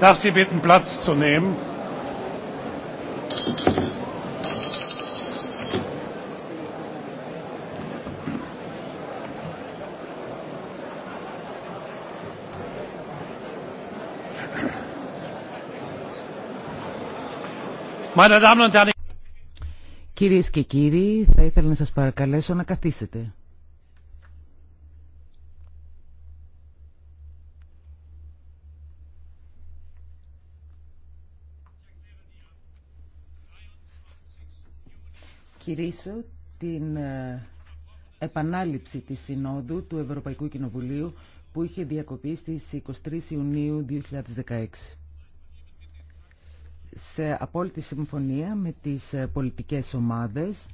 darf Sie bitten, Platz zu nehmen. Κυρίες και κύριοι, θα ήθελα να σας παρακαλέσω να καθίσετε. την ε, επανάληψη της Συνόδου του Ευρωπαϊκού Κοινοβουλίου που είχε διακοπεί στις 23 Ιουνίου 2016. Σε απόλυτη συμφωνία με τις ε, πολιτικές ομάδες